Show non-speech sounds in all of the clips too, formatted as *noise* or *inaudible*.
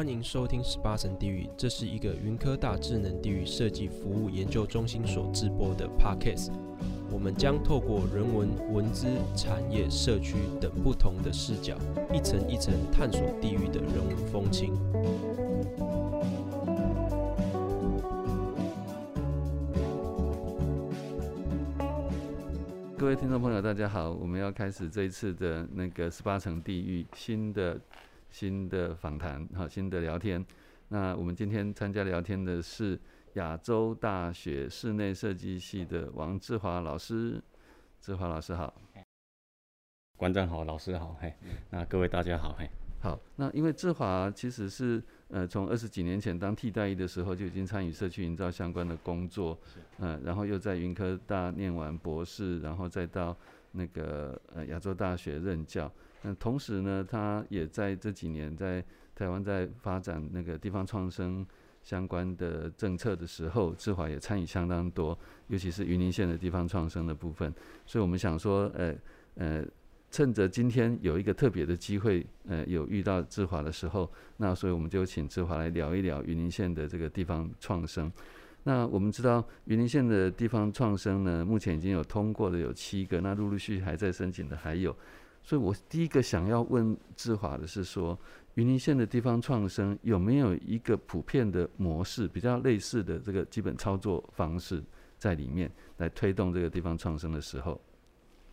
歡迎收聽《十八層地獄》，這是一個雲科大智能地獄設計服務研究中心所制播的 Podcast。我們將透過人文、文資、產業、社區等不同的視角，一層一層探索地獄的人文風情。各位聽眾朋友，大家好，我們要開始這一次的那個十八層地獄新的。新的訪談，好，新的聊天。那我們今天參加聊天的是亞洲大學室內設計系的王志華老師。志華老師好。觀眾好，老師好，嘿、嗯。那各位大家好，嘿。好，那因為志華其實是呃從二十幾年前當替代役的時候就已經參與社區營造相關的工作，嗯、呃，然後又在雲科大念完博士，然後再到那個呃亞洲大學任教。那同時呢，他也在這幾年在台灣在發展那個地方創生相關的政策的時候，志華也參與相當多，尤其是雲林縣的地方創生的部分。所以我們想說，呃呃，趁着今天有一個特別的機會，呃，有遇到志華的時候，那所以我們就請志華來聊一聊雲林縣的這個地方創生。那我們知道雲林縣的地方創生呢，目前已經有通過的有七個，那陸陸續續還在申請的還有。所以，我第一個想要問志華的是說，雲林縣的地方創生有沒有一個普遍的模式，比較類似的這個基本操作方式在裡面，來推動這個地方創生的時候。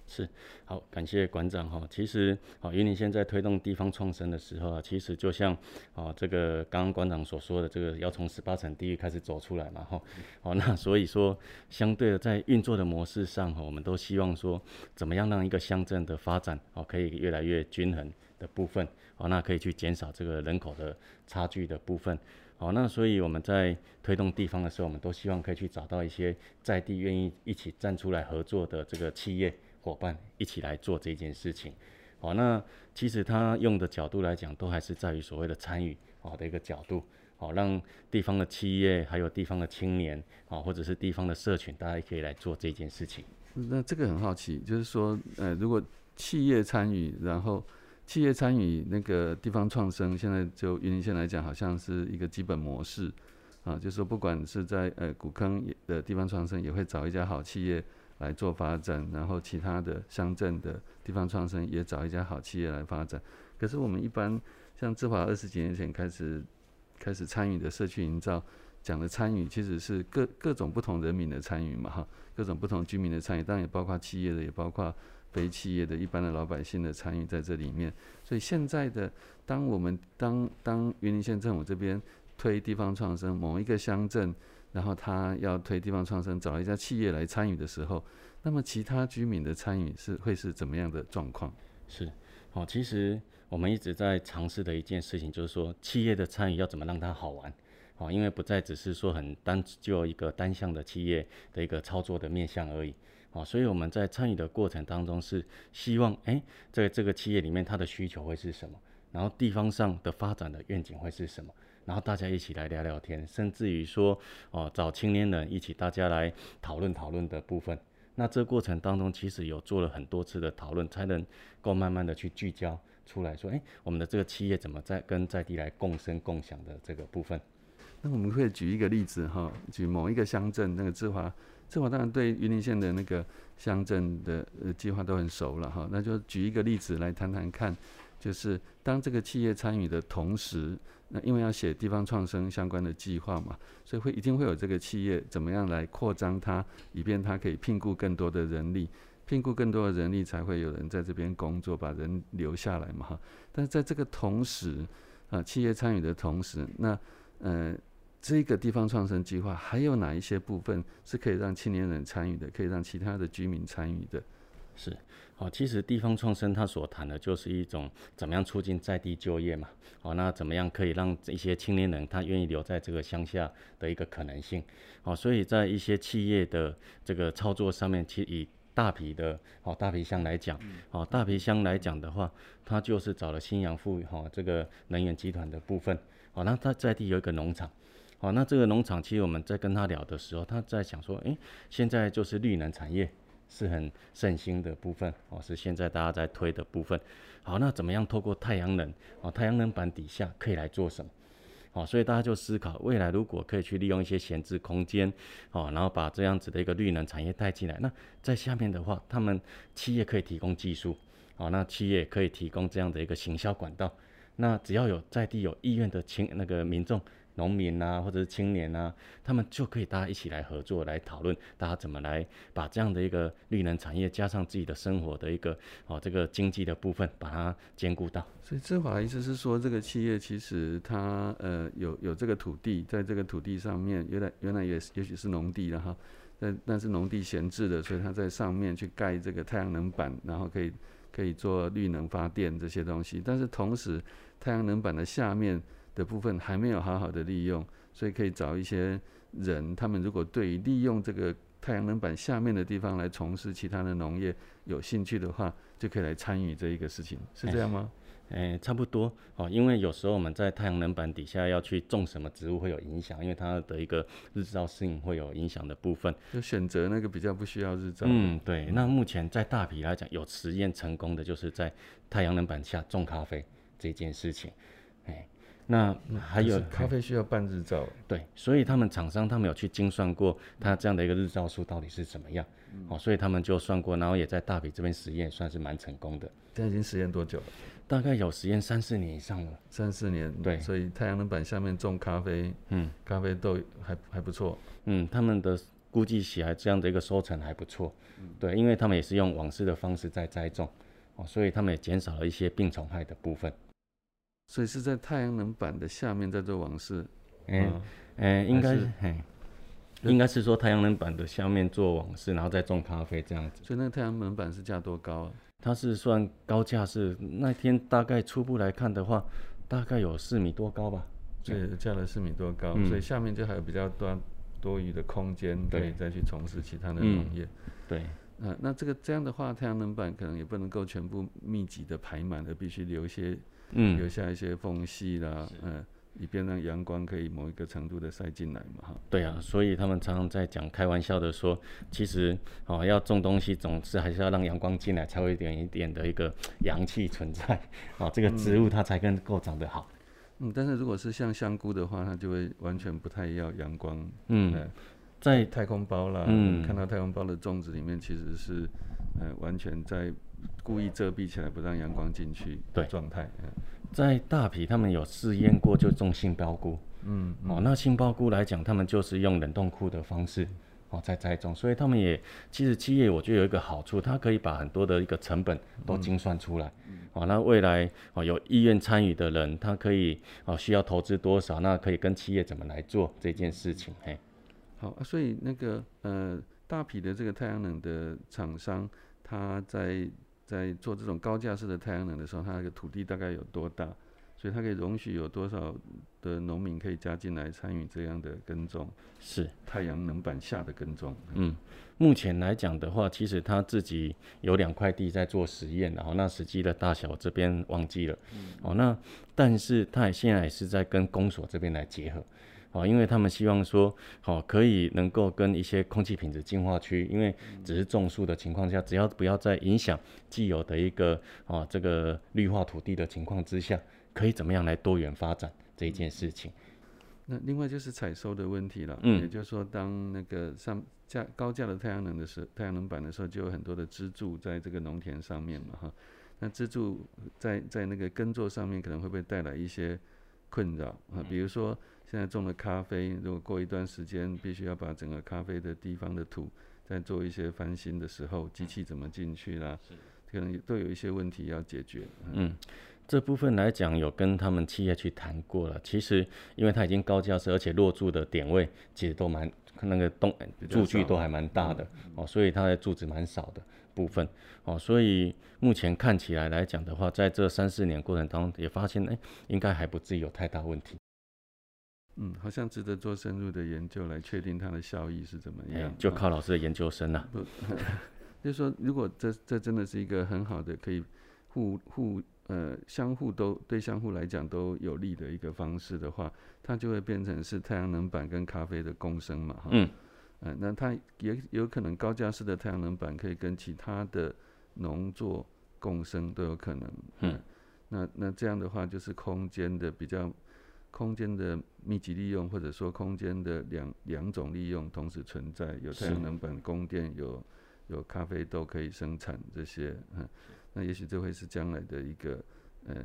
是，好，感謝館長哈。其實，好，雲林現在推動地方創生的時候啊，其實就像，啊，這個剛剛館長所說的，這個要從十八層地獄開始走出來嘛哈。好，那所以說，相對的在運作的模式上哈，我們都希望說，怎麼樣讓一個鄉鎮的發展哦，可以越來越均衡的部分。好，那可以去減少這個人口的差距的部分。好，那所以我們在推動地方的時候，我們都希望可以去找到一些在地願意一起站出來合作的這個企業。夥伴一起來做這件事情，好，那其實他用的角度來講，都還是在於所謂的參與好的一個角度，好，讓地方的企業還有地方的青年啊，或者是地方的社群，大家也可以來做這件事情。那這個很好奇，就是說，呃，如果企業參與，然後企業參與那個地方創生，現在就雲林縣來講，好像是一個基本模式啊，就是說，不管是在呃古坑的地方創生，也會找一家好企業。來做發展，然後其他的鄉鎮的地方創生也找一家好企業來發展。可是我們一般像志華二十幾年前開始開始參與的社區營造，講的參與其實是各各種不同人民的參與嘛，哈，各種不同居民的參與，當然也包括企業的，也包括非企業的一般的老百姓的參與在這裡面。所以現在的當我們當當雲林縣政府這邊推地方創生，某一個鄉鎮，然後他要推地方創生，找一家企業來參與的時候，那麼其他居民的參與是會是怎麼樣的狀況？是，好，其實我們一直在嘗試的一件事情，就是說企業的參與要怎麼讓它好玩，好，因為不再只是說很單就有一個單向的企業的一個操作的面向而已，好，所以我們在參與的過程當中是希望，哎，在這個企業裡面它的需求會是什麼，然後地方上的發展的願景會是什麼。然後大家一起來聊聊天，甚至於說，哦，找青年人一起，大家來討論討論的部分。那這過程當中，其實有做了很多次的討論，才能夠慢慢的去聚焦出來，說，哎，我們的這個企業怎麼在跟在地來共生共享的這個部分。那我們會舉一個例子哈、哦，舉某一個鄉鎮那個志華。這我當然對於雲林縣的那個鄉鎮的呃計劃都很熟了哈，那就舉一個例子來談談看，就是當這個企業參與的同時，那因為要寫地方創生相關的計劃嘛，所以會一定會有這個企業怎麼樣來擴張它，以便它可以聘僱更多的人力，聘僱更多的人力才會有人在這邊工作，把人留下來嘛。哈，但是在這個同時啊，企業參與的同時，那嗯、呃。這個地方創生計劃還有哪一些部分是可以讓青年人參與的，可以讓其他的居民參與的？是，好，其實地方創生他所談的就是一種怎麼樣促進在地就業嘛。好，那怎麼樣可以讓這些青年人他願意留在這個鄉下的一個可能性？好，所以在一些企業的這個操作上面，其實以大埤的哦大埤鄉來講，哦大埤鄉來講的話，他就是找了新陽富哈這個能源集團的部分，哦，那他在地有一個農場。好、哦，那這個農場其實我們在跟他聊的時候，他在想說：，誒、欸，現在就是綠能產業是很盛行的部分，哦，是現在大家在推的部分。好，那怎麼樣透過太陽能？哦，太陽能板底下可以來做什麼？哦，所以大家就思考，未來如果可以去利用一些閒置空間，哦，然後把這樣子的一個綠能產業帶進來，那在下面的話，他們企業可以提供技術，哦，那企業可以提供這樣的一個行銷管道，那只要有在地有意願的青那個民眾。農民吶、啊，或者是青年吶、啊，他們就可以大家一起來合作，來討論大家怎麼來把這樣的一個綠能產業加上自己的生活的一個哦這個經濟的部分，把它兼顧到。所以志華的意思是說，這個企業其實它呃有有這個土地，在這個土地上面原來原來也也許是農地然後，但但是農地閒置的，所以它在上面去蓋這個太陽能板，然後可以可以做綠能發電這些東西，但是同時太陽能板的下面。的部分還沒有好好的利用，所以可以找一些人，他們如果對利用這個太陽能板下面的地方來從事其他的農業有興趣的話，就可以來參與這一個事情，是這樣嗎？誒、欸欸，差不多哦。因為有時候我們在太陽能板底下要去種什麼植物會有影響，因為它的一個日照性會有影響的部分。就選擇那個比較不需要日照。嗯，對。那目前在大埤來講有實驗成功的，就是在太陽能板下種咖啡這件事情，誒、欸。那還有咖啡需要半日照，對，所以他們廠商他們有去精算過，它這樣的一個日照數到底是怎麼樣、嗯，哦，所以他們就算過，然後也在大埤這邊實驗，算是蠻成功的。現在已經實驗多久了？大概有實驗三四年以上了。三四年，對，所以太陽能板下面種咖啡，嗯，咖啡豆還還不錯，嗯，他們的估計起來這樣的一個收成還不錯、嗯，對，因為他們也是用網室的方式在栽種，哦，所以他們也減少了一些病蟲害的部分所以是在太陽能板的下面在做網室，欸，嗯，誒、欸，應該是，欸，應該是說太陽能板的下面做網室，然後再種咖啡這樣子。所以那個太陽能板是架多高？啊？它是算高架是，是那天大概初步來看的話，大概有四米多高吧。對，架了四米多高，所以下面就還有比較多多餘的空間對，對，再去從事其他的農業，嗯。對，那，啊，那這個這樣的話，太陽能板可能也不能夠全部密集的排滿，而必須留一些。嗯，留下一些縫隙啦嗯，嗯，以便讓陽光可以某一個程度的曬進來嘛，哈。對啊，所以他們常常在講開玩笑的說，其實啊，要種東西總是還是要讓陽光進來，才會有一點一點的一個陽氣存在，啊，這個植物它才能夠長得好嗯。嗯，但是如果是像香菇的話，它就會完全不太要陽光。嗯，在太空包啦、嗯，看到太空包的種子裡面其實是，呃，完全在。故意遮蔽起來，不讓陽光進去，對狀態。嗯，在大埤他們有試驗過，就種杏鮑菇。嗯，嗯，嗯哦，那杏鮑菇來講，他們就是用冷凍庫的方式哦在栽種，所以他們也其實企業，我覺得有一個好處，它可以把很多的一個成本都精算出來。嗯、哦，那未來哦有意願參與的人，他可以哦需要投資多少，那可以跟企業怎麼來做這件事情？嘿、嗯嗯，好，所以那個呃大埤的這個太陽能的廠商，他在。在做這種高架式的太陽能的時候，它那個土地大概有多大？所以它可以容許有多少的農民可以加進來參與這樣的耕種？是太陽能板下的耕種。嗯，目前來講的話，其實他自己有兩塊地在做實驗，然後那實際的大小這邊忘記了。嗯。哦，那但是他也現在也是在跟公所這邊來結合。啊，因為他們希望說，好可以能夠跟一些空氣品質淨化區，因為只是種樹的情況下，只要不要再影響既有的一個啊這個綠化土地的情況之下，可以怎麼樣來多元發展這一件事情，嗯。那另外就是採收的問題了，嗯，也就是說，當那個上架高架的太陽能的時候，太陽能板的時候，就有很多的支柱在這個農田上面嘛，哈，那支柱在在那個耕作上面可能會不會帶來一些困擾啊，比如說。現在種了咖啡，如果過一段時間，必須要把整個咖啡的地方的土再做一些翻新的時候，機器怎麼進去啦、啊？可能都有一些問題要解決。嗯，嗯這部分來講，有跟他們企業去談過了。其實，因為他已經高架式，而且落柱的點位其實都蠻那個東、欸、柱距都還蠻大的、的哦，所以它的柱子蠻少的部分哦，所以目前看起來來講的話，在這三四年過程當中也發現，哎、欸，應該還不至於有太大問題。嗯，好像值得做深入的研究來確定它的效益是怎麼樣。欸、就靠老師的研究生了、啊嗯。不，嗯、就是、說，如果這這真的是一個很好的可以互互呃相互都對相互來講都有利的一個方式的話，它就會變成是太陽能板跟咖啡的共生嘛，哈。嗯。嗯，那它也有可能高架式的太陽能板可以跟其他的農作共生都有可能。嗯。嗯那那這樣的話，就是空間的比較，空間的密集利用，或者說空間的兩兩種利用同時存在，有太陽能板供電，有有咖啡豆可以生產這些，嗯，那也許這會是將來的一個呃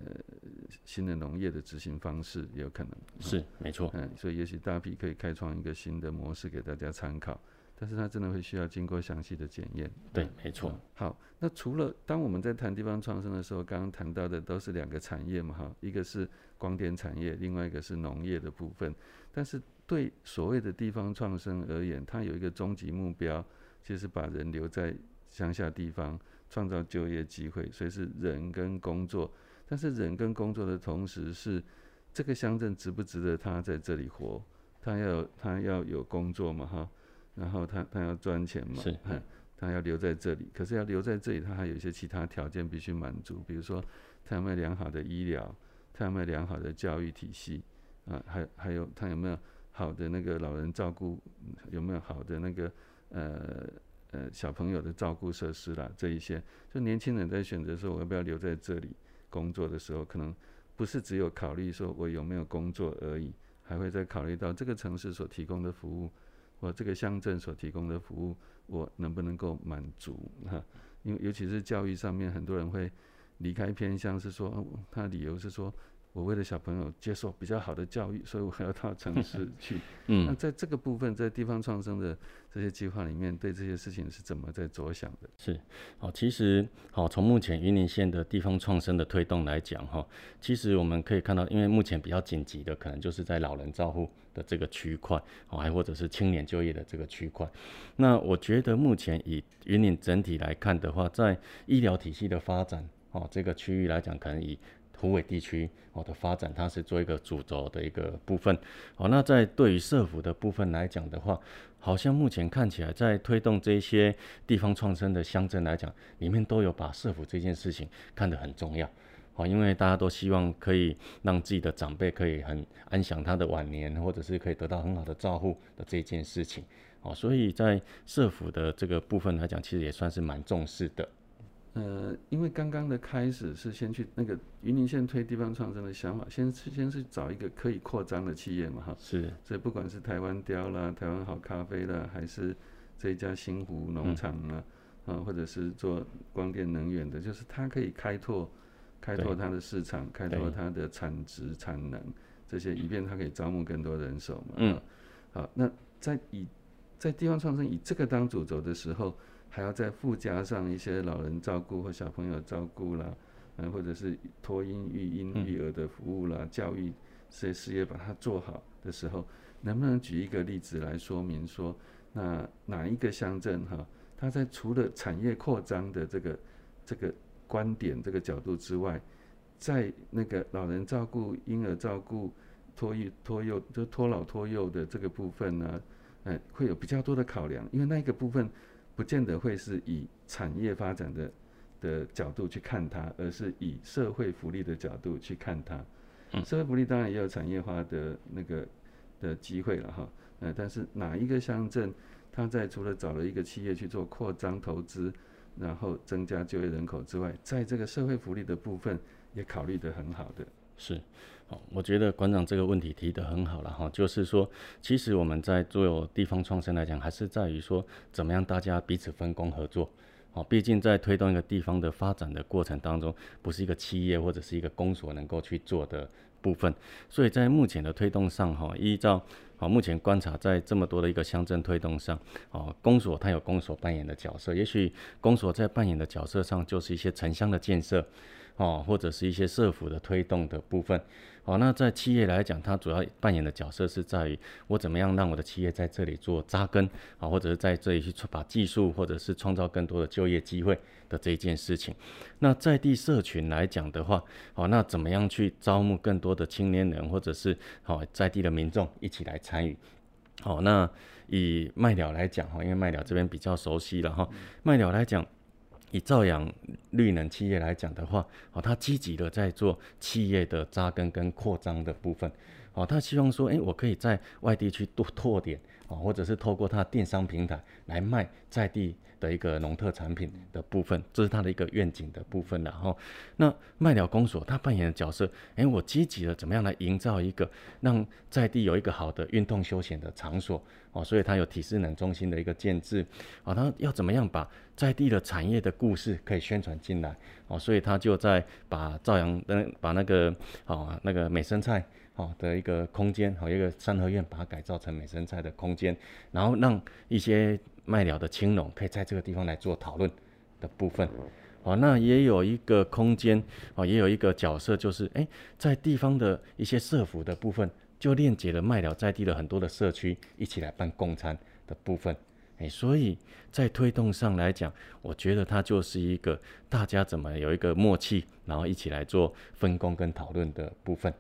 新的農業的執行方式，也有可能。嗯、是，沒錯。嗯，所以也許大埤可以開創一個新的模式給大家參考，但是它真的會需要經過詳細的檢驗、嗯。對，沒錯、嗯。好，那除了當我們在談地方創生的時候，剛剛談到的都是兩個產業嘛，哈，一個是。光電產業，另外一個是農業的部分。但是對所謂的地方創生而言，它有一個終極目標，就是把人留在鄉下地方，創造就業機會，所以是人跟工作。但是人跟工作的同時是，是這個鄉鎮值不值得他在這裡活？他要他要有工作嘛，哈。然後他他要賺錢嘛，是，嗯。他要留在這裡，可是要留在這裡，他還有一些其他條件必須滿足，比如說他有沒有良好的醫療。他有沒有良好的教育體系？啊，還還有他有沒有好的那個老人照顧？有沒有好的那個呃呃小朋友的照顧設施啦？這一些，就年輕人在選擇說我要不要留在這裡工作的時候，可能不是只有考慮說我有沒有工作而已，還會再考慮到這個城市所提供的服務，或這個鄉鎮所提供的服務，我能不能夠滿足？哈、啊，因為尤其是教育上面，很多人會離開偏鄉是說、哦，他理由是說。我為了小朋友接受比較好的教育，所以我還要到城市去。 *laughs* 嗯，那在這個部分，在地方創生的這些計劃裡面，對這些事情是怎麼在着想的？是，好，其實好，從目前雲林縣的地方創生的推動來講，哈，其實我們可以看到，因為目前比較緊急的可能就是在老人照護的這個區塊，還或者是青年就業的這個區塊。那我覺得目前以雲林整體來看的話，在醫療體系的發展，哦，這個區域來講，可能以埔尾地區哦的發展，它是做一個主軸的一個部分。好，那在對於社福的部分來講的話，好像目前看起來，在推動這一些地方創生的鄉鎮來講，裡面都有把社福這件事情看得很重要。哦，因為大家都希望可以讓自己的長輩可以很安享他的晚年，或者是可以得到很好的照顧的這件事情。哦，所以在社福的這個部分來講，其實也算是蠻重視的。呃，因為剛剛的開始是先去那個雲林縣推地方創生的想法，先先是找一個可以擴張的企業嘛，哈，是，所以不管是台灣雕啦、台灣好咖啡啦，還是這一家新湖農場啊、嗯，啊，或者是做光電能源的，就是它可以開拓開拓它的市場，開拓它的產值產能這些，以便它可以招募更多人手嘛，啊、嗯，好，那在以在地方創生以這個當主軸的時候。還要再附加上一些老人照顧或小朋友照顧啦，呃，或者是托嬰育嬰育嬰育兒的服務啦，嗯，教育這些事業把它做好的時候，能不能舉一個例子來說明說，那哪一個鄉鎮哈，它在除了產業擴張的這個這個觀點這個角度之外，在那個老人照顧、嬰兒照顧、托育托幼就托老托幼的這個部分呢，啊，嗯，呃，會有比較多的考量，因為那一個部分。不見得會是以產業發展的的角度去看它，而是以社會福利的角度去看它。社會福利當然也有產業化的那個的機會了哈。呃，但是哪一個鄉鎮，他在除了找了一個企業去做擴張投資，然後增加就業人口之外，在這個社會福利的部分也考慮得很好的，是。我覺得館長這個問題提得很好了哈，就是說，其實我們在做地方創生來講，還是在於說怎麼樣大家彼此分工合作。好、哦，畢竟在推動一個地方的發展的過程當中，不是一個企業或者是一個公所能夠去做的部分。所以在目前的推動上哈，依照啊目前觀察，在這麼多的一個鄉鎮推動上，哦，公所它有公所扮演的角色，也許公所在扮演的角色上就是一些城鄉的建設，哦，或者是一些社府的推動的部分。好，那在企業來講，它主要扮演的角色是在於我怎麼樣讓我的企業在這裡做扎根啊，或者是在這裡去把技術，或者是創造更多的就業機會的這一件事情。那在地社群來講的話，好，那怎麼樣去招募更多的青年人，或者是好在地的民眾一起來參與？好，那以麥寮來講哈，因為麥寮這邊比較熟悉了哈，麥寮來講。以造氧綠能企業來講的話，好、哦，他積極的在做企業的扎根跟擴張的部分，好、哦，他希望說，哎、欸，我可以在外地去多拓點。或者是透過他電商平台來賣在地的一個農特產品的部分，這、就是他的一個願景的部分。然後，那麥寮公所他扮演的角色，誒，我積極的怎麼樣來營造一個讓在地有一個好的運動休閒的場所哦，所以他有體適能中心的一個建置啊，他要怎麼樣把在地的產業的故事可以宣傳進來哦，所以他就在把晁陽的把那個哦那個美生菜。哦，的一個空間，好一個三合院，把它改造成美生菜的空間，然後讓一些麥寮的青農可以在這個地方來做討論的部分。哦，那也有一個空間，哦也有一個角色，就是哎、欸，在地方的一些社服的部分，就鏈接了麥寮在地的很多的社區一起來辦共餐的部分。哎、欸，所以在推動上來講，我覺得它就是一個大家怎麼有一個默契，然後一起來做分工跟討論的部分。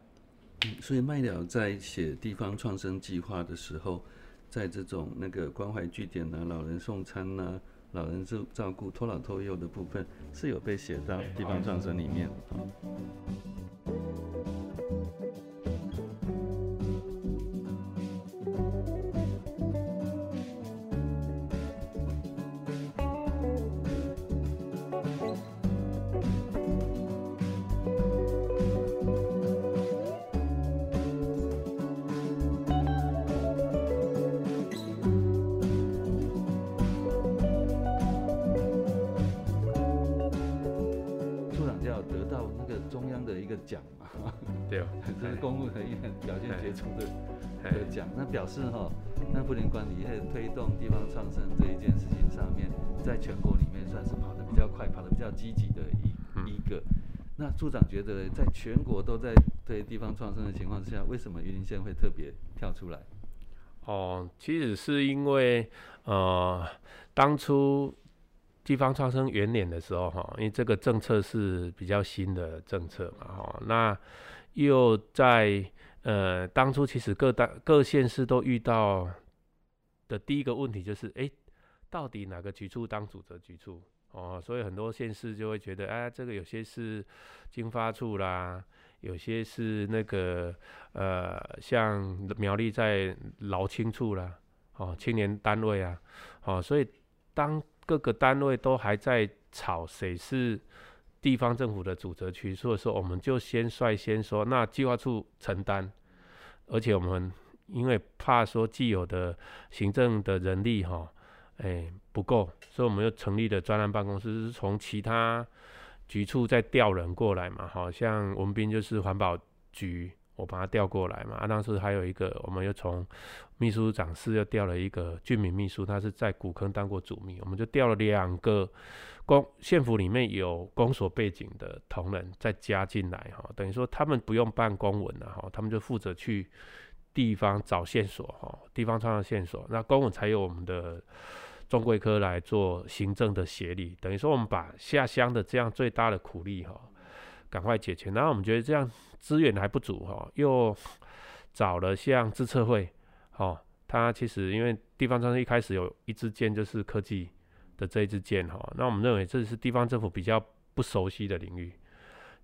所以麥寮在寫地方創生計劃的時候，在這種那個關懷據點啊，老人送餐啊，老人是照照顧、托老托幼的部分，是有被寫到地方創生裡面。表示哈、哦，那不能管理在推動地方創生這一件事情上面，在全國裡面算是跑得比較快、跑得比較積極的一一個。那處長覺得，在全國都在對地方創生的情況之下，為什麼雲林縣會特別跳出來？哦、呃，其實是因為呃，當初地方創生元年的時候哈，因為這個政策是比較新的政策嘛哈，那又在。呃，當初其實各大各縣市都遇到的第一個問題就是，哎、欸，到底哪個局處當主責局處？哦，所以很多縣市就會覺得，哎、呃，這個有些是經發處啦，有些是那個呃，像苗栗在勞青處啦，哦，青年單位啊，哦，所以當各個單位都還在吵誰是地方政府的主責局處的時候，所以說我們就先率先說，那計劃處承擔。而且我們因為怕說既有的行政的人力哈、哦，哎，不夠，所以我們又成立了專案辦公室，是從其他局處再調人過來嘛，好、哦、像文斌就是環保局。我把他調過來嘛，啊，當時還有一個，我們又從秘書長室又調了一個俊敏秘書，他是在古坑當過主秘，我們就調了兩個公，縣府裡面有公所背景的同仁再加進來哈，等於說他們不用辦公文了哈，他們就負責去地方找線索哈，地方創造線索，那公文才由我們的綜規科來做行政的協力，等於說我們把下鄉的這樣最大的苦力哈。趕快解決，然後我們覺得這樣資源還不足哈、哦，又找了像資策會，哦，他其實因為地方創生一開始有一支箭就是科技的這一支箭哈、哦，那我們認為這是地方政府比較不熟悉的領域，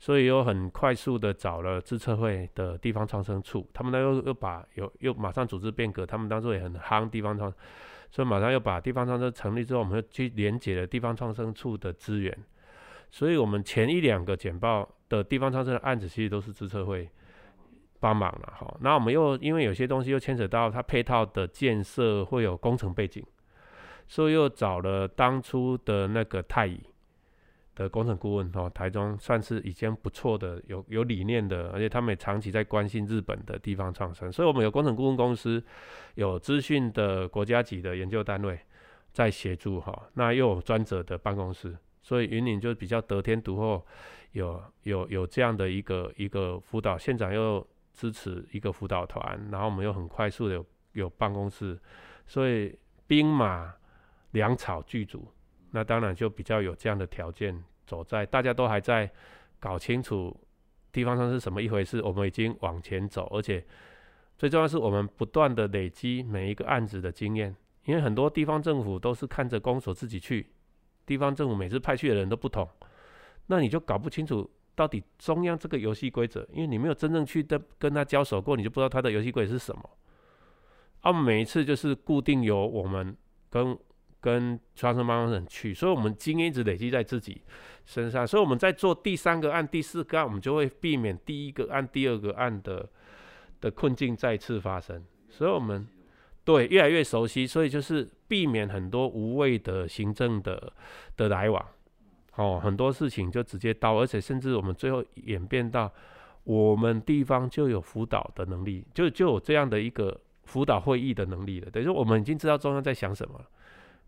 所以又很快速的找了資策會的地方創生處，他們呢又又把有又，又馬上組織變革，他們當初也很夯地方創，所以馬上又把地方創生成立之後，我們又去連接了地方創生處的資源，所以我們前一兩個簡報，的地方創生的案子，其實都是資策會幫忙了哈。那我們又因為有些東西又牽扯到它配套的建設會有工程背景，所以又找了當初的那個太乙的工程顧問哈。台中算是已經不錯的、有有理念的，而且他們也長期在關心日本的地方創生。所以我們有工程顧問公司，有資訊的國家級的研究單位在協助哈。那又有專責的辦公室。所以雲林就比較得天獨厚，有有有這樣的一個一個輔導，縣長又支持一個輔導團，然後我們又很快速的有，有辦公室，所以兵馬糧草俱足，那當然就比較有這樣的條件走在，大家都還在搞清楚地方上是什麼一回事，我們已經往前走，而且最重要的是我們不斷的累積每一個案子的經驗，因為很多地方政府都是看着公所自己去。地方政府每次派去的人都不同，那你就搞不清楚到底中央這個遊戲規則，因為你沒有真正去跟跟他交手過，你就不知道他的遊戲規則是什麼。啊，每一次就是固定由我們跟跟資深辦案人去，所以我們經驗一直累積在自己身上，所以我們在做第三個案、第四個案，我們就會避免第一個案、第二個案的的困境再次發生，所以我們。對，越來越熟悉，所以就是避免很多無謂的行政的的來往，哦，很多事情就直接到，而且甚至我們最後演變到我們地方就有輔導的能力，就就有這樣的一個輔導會議的能力了。等於說我們已經知道中央在想什麼了，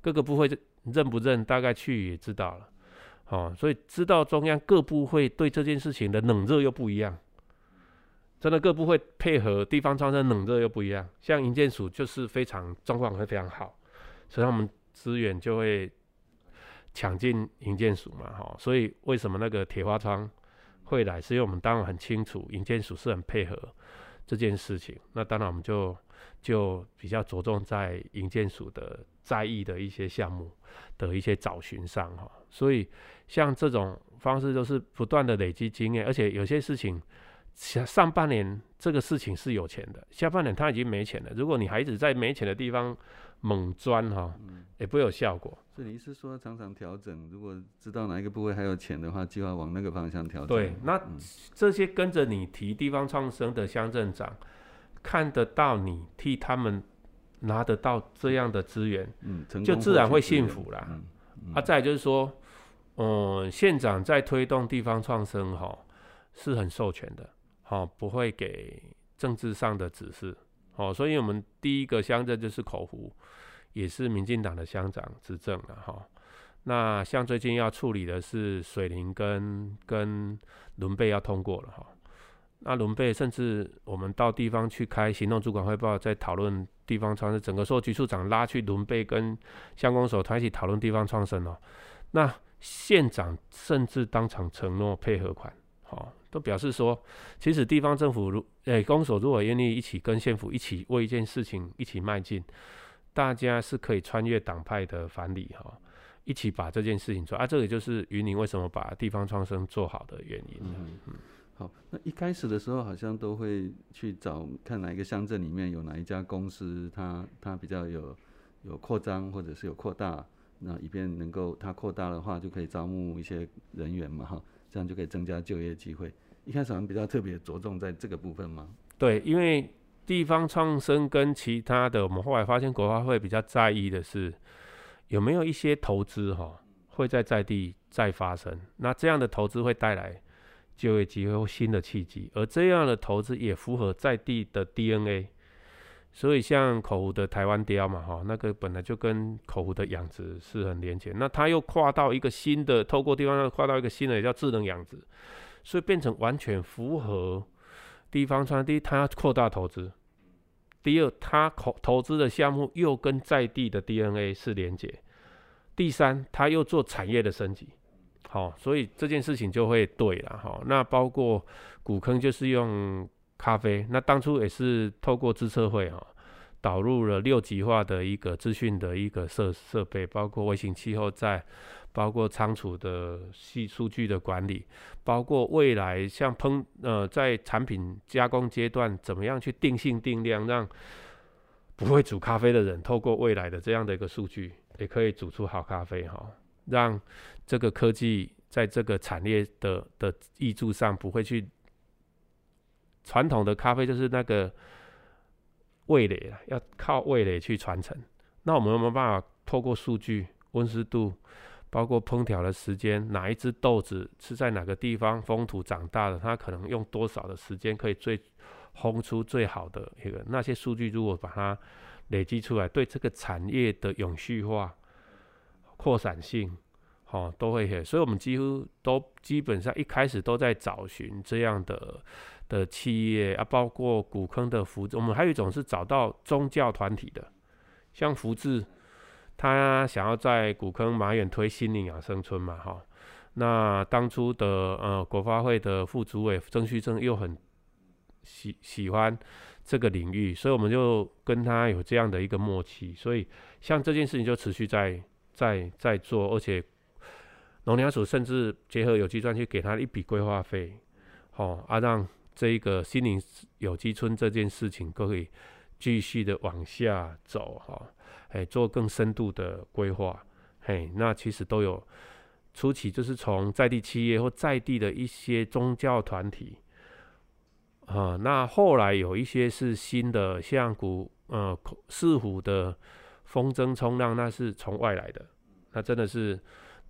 各個部會認不認，大概去也知道了，哦，所以知道中央各部會對這件事情的冷熱又不一樣。真的各部會配合，地方創生的冷熱又不一樣。像營建署就是非常狀況會非常好，所以我們資源就會搶進營建署嘛，哈。所以為什麼那個鐵花窗會來？是因為我們當然很清楚營建署是很配合這件事情。那當然我們就就比較着重在營建署的在意的一些項目的一些找尋上，哈。所以像這種方式就是不斷的累積經驗，而且有些事情。上半年這個事情是有錢的，下半年他已經沒錢了。如果你孩子在沒錢的地方猛鑽哈、哦嗯，也不會有效果。所以你意思說，常常調整，如果知道哪一個部位還有錢的話，就要往那個方向調整。對，那這些跟着你提地方創生的鄉鎮長、嗯，看得到你替他們拿得到這樣的資源、嗯、源，就自然會信服啦。嗯嗯、啊，再來就是說，嗯，縣長在推動地方創生哈、哦，是很授權的。哦，不會給政治上的指示，哦，所以我們第一個鄉鎮就是口湖，也是民進黨的鄉長執政了，哈、哦。那像最近要處理的是水林跟跟崙背要通過了，哈、哦。那崙背甚至我們到地方去開行動主管匯報，在討論地方創生，整個所有局處長拉去崙背跟鄉公所團體討論地方創生哦。那縣長甚至當場承諾配合款，哦。都表示說，其實地方政府如誒、欸，公所如果願意一起跟縣府一起為一件事情一起邁進，大家是可以穿越黨派的藩籬哈，一起把這件事情做啊。這個就是雲林為什麼把地方創生做好的原因。嗯嗯。好，那一開始的時候好像都會去找看哪一個鄉鎮裡面有哪一家公司它，它它比較有有擴張或者是有擴大，那以便能夠它擴大的話就可以招募一些人員嘛哈。這樣就可以增加就業機會。一開始好像比較特別着重在這個部分嗎？對，因為地方創生跟其他的，我們後來發現國發會比較在意的是有沒有一些投資哈、哦、會在在地再發生。那這樣的投資會帶來就業機會或新的契機，而這樣的投資也符合在地的 DNA。所以像口湖的台灣鯛嘛，哈，那個本來就跟口湖的養殖是很連接，那它又跨到一個新的，透過地方要跨到一個新的，也叫智能養殖，所以變成完全符合地方創生，第一，它擴大投資，第二，它口投資的項目又跟在地的 DNA 是連接，第三，它又做產業的升級，好、哦，所以這件事情就會對了，哈、哦，那包括古坑就是用。咖啡，那當初也是透過資策會啊，哦，導入了六極化的一個資訊的一個設設備，包括微型氣候在，包括倉儲的系數據的管理，包括未來像烹呃在產品加工階段，怎麼樣去定性定量，讓不會煮咖啡的人，透過未來的這樣的一個數據，也可以煮出好咖啡哈，哦，讓這個科技在這個產業的的挹注上不會去。傳統的咖啡就是那個味蕾，要靠味蕾去傳承。那我們有沒有辦法透過數據、溫濕度，包括烹調的時間，哪一只豆子是在哪個地方風土長大的，它可能用多少的時間可以最烘出最好的一個？那些數據如果把它累積出來，對這個產業的永續化、擴散性，哦，都會 help。所以，我們幾乎都基本上一開始都在找尋這樣的。的企業啊，包括古坑的福智，我們還有一種是找到宗教團體的，像福智他想要在古坑馬遠推心靈養生村嘛，哈，那當初的呃國發會的副主委曾旭正又很喜喜歡這個領域，所以我們就跟他有這樣的一個默契，所以像這件事情就持續在在在做，而且農糧署甚至結合有機專區給他一筆規劃費，哦，啊，讓。這一個心靈有機村這件事情，可以繼續的往下走哈、哦，哎，做更深度的規劃，嘿，那其實都有初期就是從在地企業或在地的一些宗教團體啊，那後來有一些是新的，像古呃四湖的風箏衝浪，那是從外來的，那真的是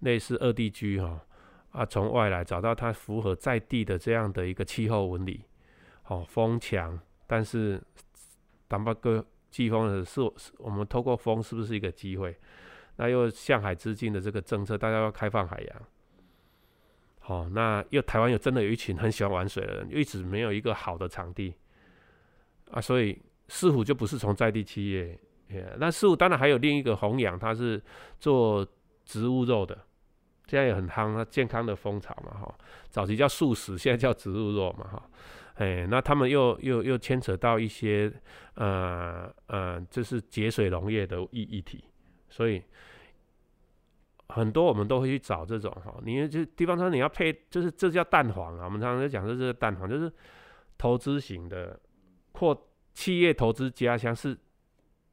類似二地居哈、哦。啊，從外來找到它符合在地的這樣的一個氣候紋理，哦，風強，但是丹巴哥季風的是我們透過風是不是一個機會？那又向海致敬的這個政策，大家要開放海洋，哦，那又台灣有真的有一群很喜歡玩水的人，一直沒有一個好的場地啊，所以市府就不是從在地企業，yeah, 那市府當然還有另一個弘揚，他是做植物肉的。現在也很夯，健康的風潮嘛，哈，早期叫素食，現在叫植物肉嘛，哈，哎，那他們又又又牽扯到一些，呃呃，就是節水農業的議議題，所以很多我們都會去找這種，哈，你為就地方說你要配，就是這叫蛋黃啊，我們常常在講的這個蛋黃就是投資型的，擴企業投資家鄉是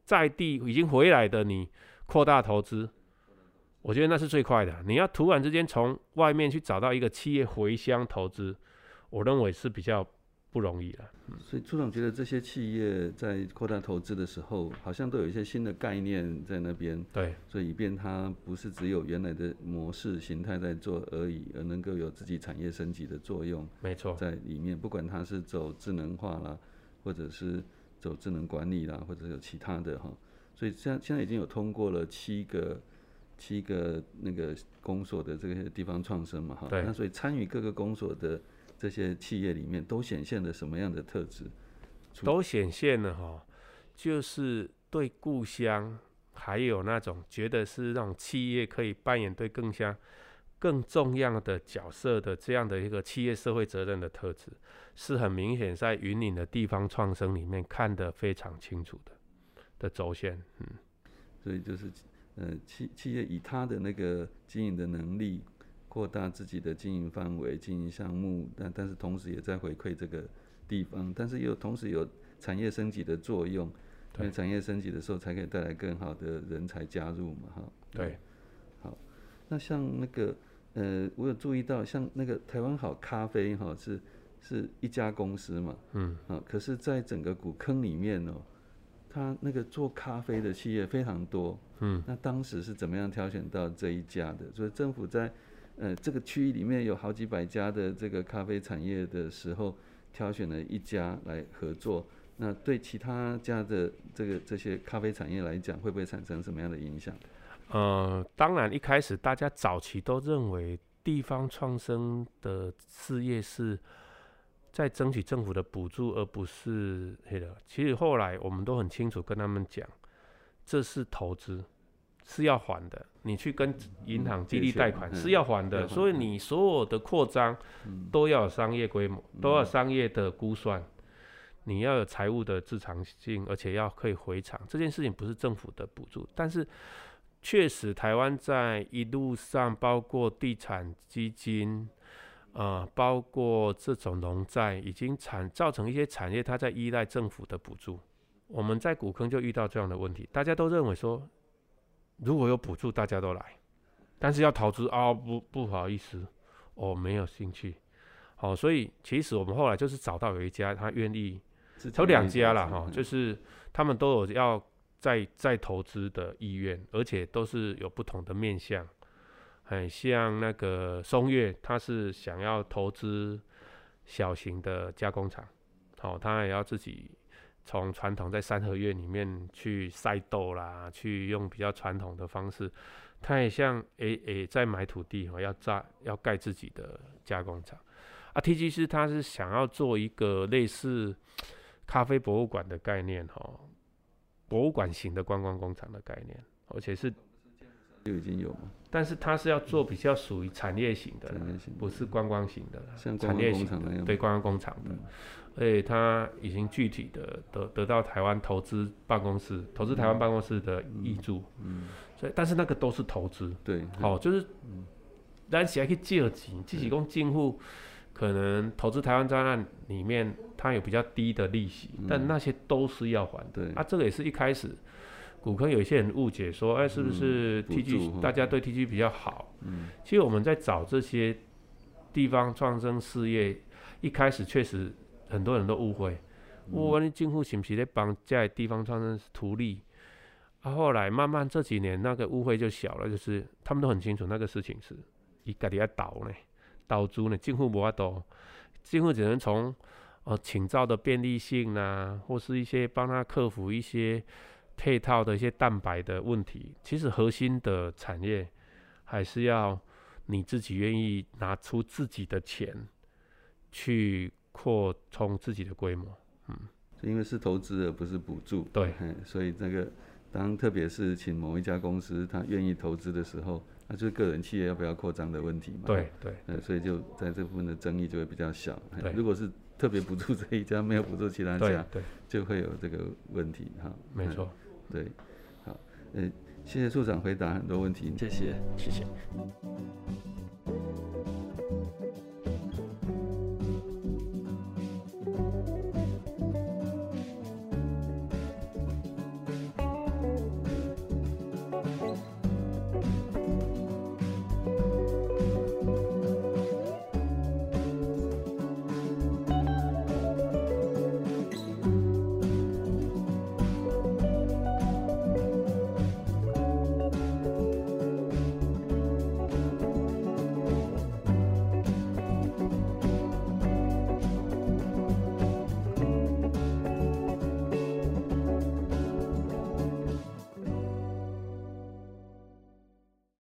在地已經回來的你擴大投資。我覺得那是最快的。你要突然之間從外面去找到一個企業回鄉投資，我認為是比較不容易的。所以朱總覺得這些企業在擴大投資的時候，好像都有一些新的概念在那邊。對，所以以便它不是只有原來的模式形態在做而已，而能夠有自己產業升級的作用。沒錯，在裡面，不管它是走智能化啦，或者是走智能管理啦，或者有其他的哈。所以現現在已經有通過了七個。七個那個公所，的這些地方創生嘛，哈，那所以參與各個公所的這些企業裡面，都顯現了什麼樣的特質？都顯現了哈，就是對故鄉，還有那種覺得是讓企業可以扮演對更加更重要的角色的這樣的一個企業社會責任的特質，是很明顯在雲林的地方創生裡面看得非常清楚的的軸線，嗯，所以就是。呃，企企業以他的那個經營的能力擴大自己的經營範圍、經營項目，但但是同時也在回饋這個地方，但是又同時有產業升級的作用，對產業升級的時候才可以帶來更好的人才加入嘛，哈。對，好，那像那個呃，我有注意到像那個台灣好咖啡哈、哦，是是一家公司嘛，嗯，啊、哦，可是，在整個古坑裡面呢、哦。他那個做咖啡的企業非常多，嗯，那當時是怎麼樣挑選到這一家的？所以政府在，呃，這個區域裡面有好幾百家的這個咖啡產業的時候，挑選了一家來合作。那對其他家的這個這些咖啡產業來講，會不會產生什麼樣的影響？呃，當然一開始大家早期都認為地方創生的事業是。在爭取政府的補助，而不是。其實後來我們都很清楚跟他們講，這是投資，是要還的。你去跟銀行基地貸款是要還的。嗯嗯，所以你所有的擴張都要有商業規模。嗯，都要商業的估算，嗯嗯啊、你要有財務的自償性，而且要可以回場。這件事情不是政府的補助，但是確實台灣在一路上，包括地產基金。啊、呃，包括這種農再已經產造成一些產業，它在依賴政府的補助。我們在古坑就遇到這樣的問題，大家都認為說，如果有補助，大家都來，但是要投資啊，不不好意思，我、哦、沒有興趣。哦，所以其實我們後來就是找到有一家，他願意，有兩家啦哈、嗯哦，就是他們都有要再再投資的意願，而且都是有不同的面向。很像那個松月，他是想要投資小型的加工廠，哦，他也要自己從傳統在三合院裡面去曬豆啦，去用比較傳統的方式，他也像誒、欸、誒、欸、在買土地哦，要炸，要蓋自己的加工廠。啊，T G C 他是想要做一個類似咖啡博物館的概念哦，博物館型的觀光工廠的概念，而且是。就已經有，但是他是要做比較屬於產業型的，不是觀光型的，像工產業型的，對，觀光工廠的，所以他已經具體的得得到台灣投資辦公室、投資台灣辦公室的挹注，嗯，所以但是那個都是投資、嗯，喔、對，好，就是，但其實可以借錢，其實共進乎可能投資台灣專案裡面，它有比較低的利息、嗯，但那些都是要還的，啊，這個也是一開始。古坑有一些人誤解說，哎、欸，是不是 T G、嗯、大家對 T G 比較好、嗯？其實我們在找這些地方創生事業，一開始確實很多人都誤會，我、嗯、問你政府是不是在幫這些地方創生圖利？啊、後來慢慢這幾年那個誤會就小了，就是他們都很清楚那個事情是伊家己要倒呢、欸，倒主呢，政府無法度，政府只能從呃，請照的便利性啊，或是一些幫他克服一些。配套的一些蛋白的問題，其實核心的產業還是要你自己願意拿出自己的錢去擴充自己的規模，嗯，因為是投資而不是補助，對，嗯、所以這個當特別是請某一家公司，他願意投資的時候，那、啊、就是個人企業要不要擴張的問題嘛，對對，對、嗯，所以就在這部分的爭議就會比較小，嗯、如果是特別補助這一家，沒有補助其他家對，對，就會有這個問題哈，沒錯。嗯對，好，呃，謝謝處長回答很多問題，謝謝，謝謝。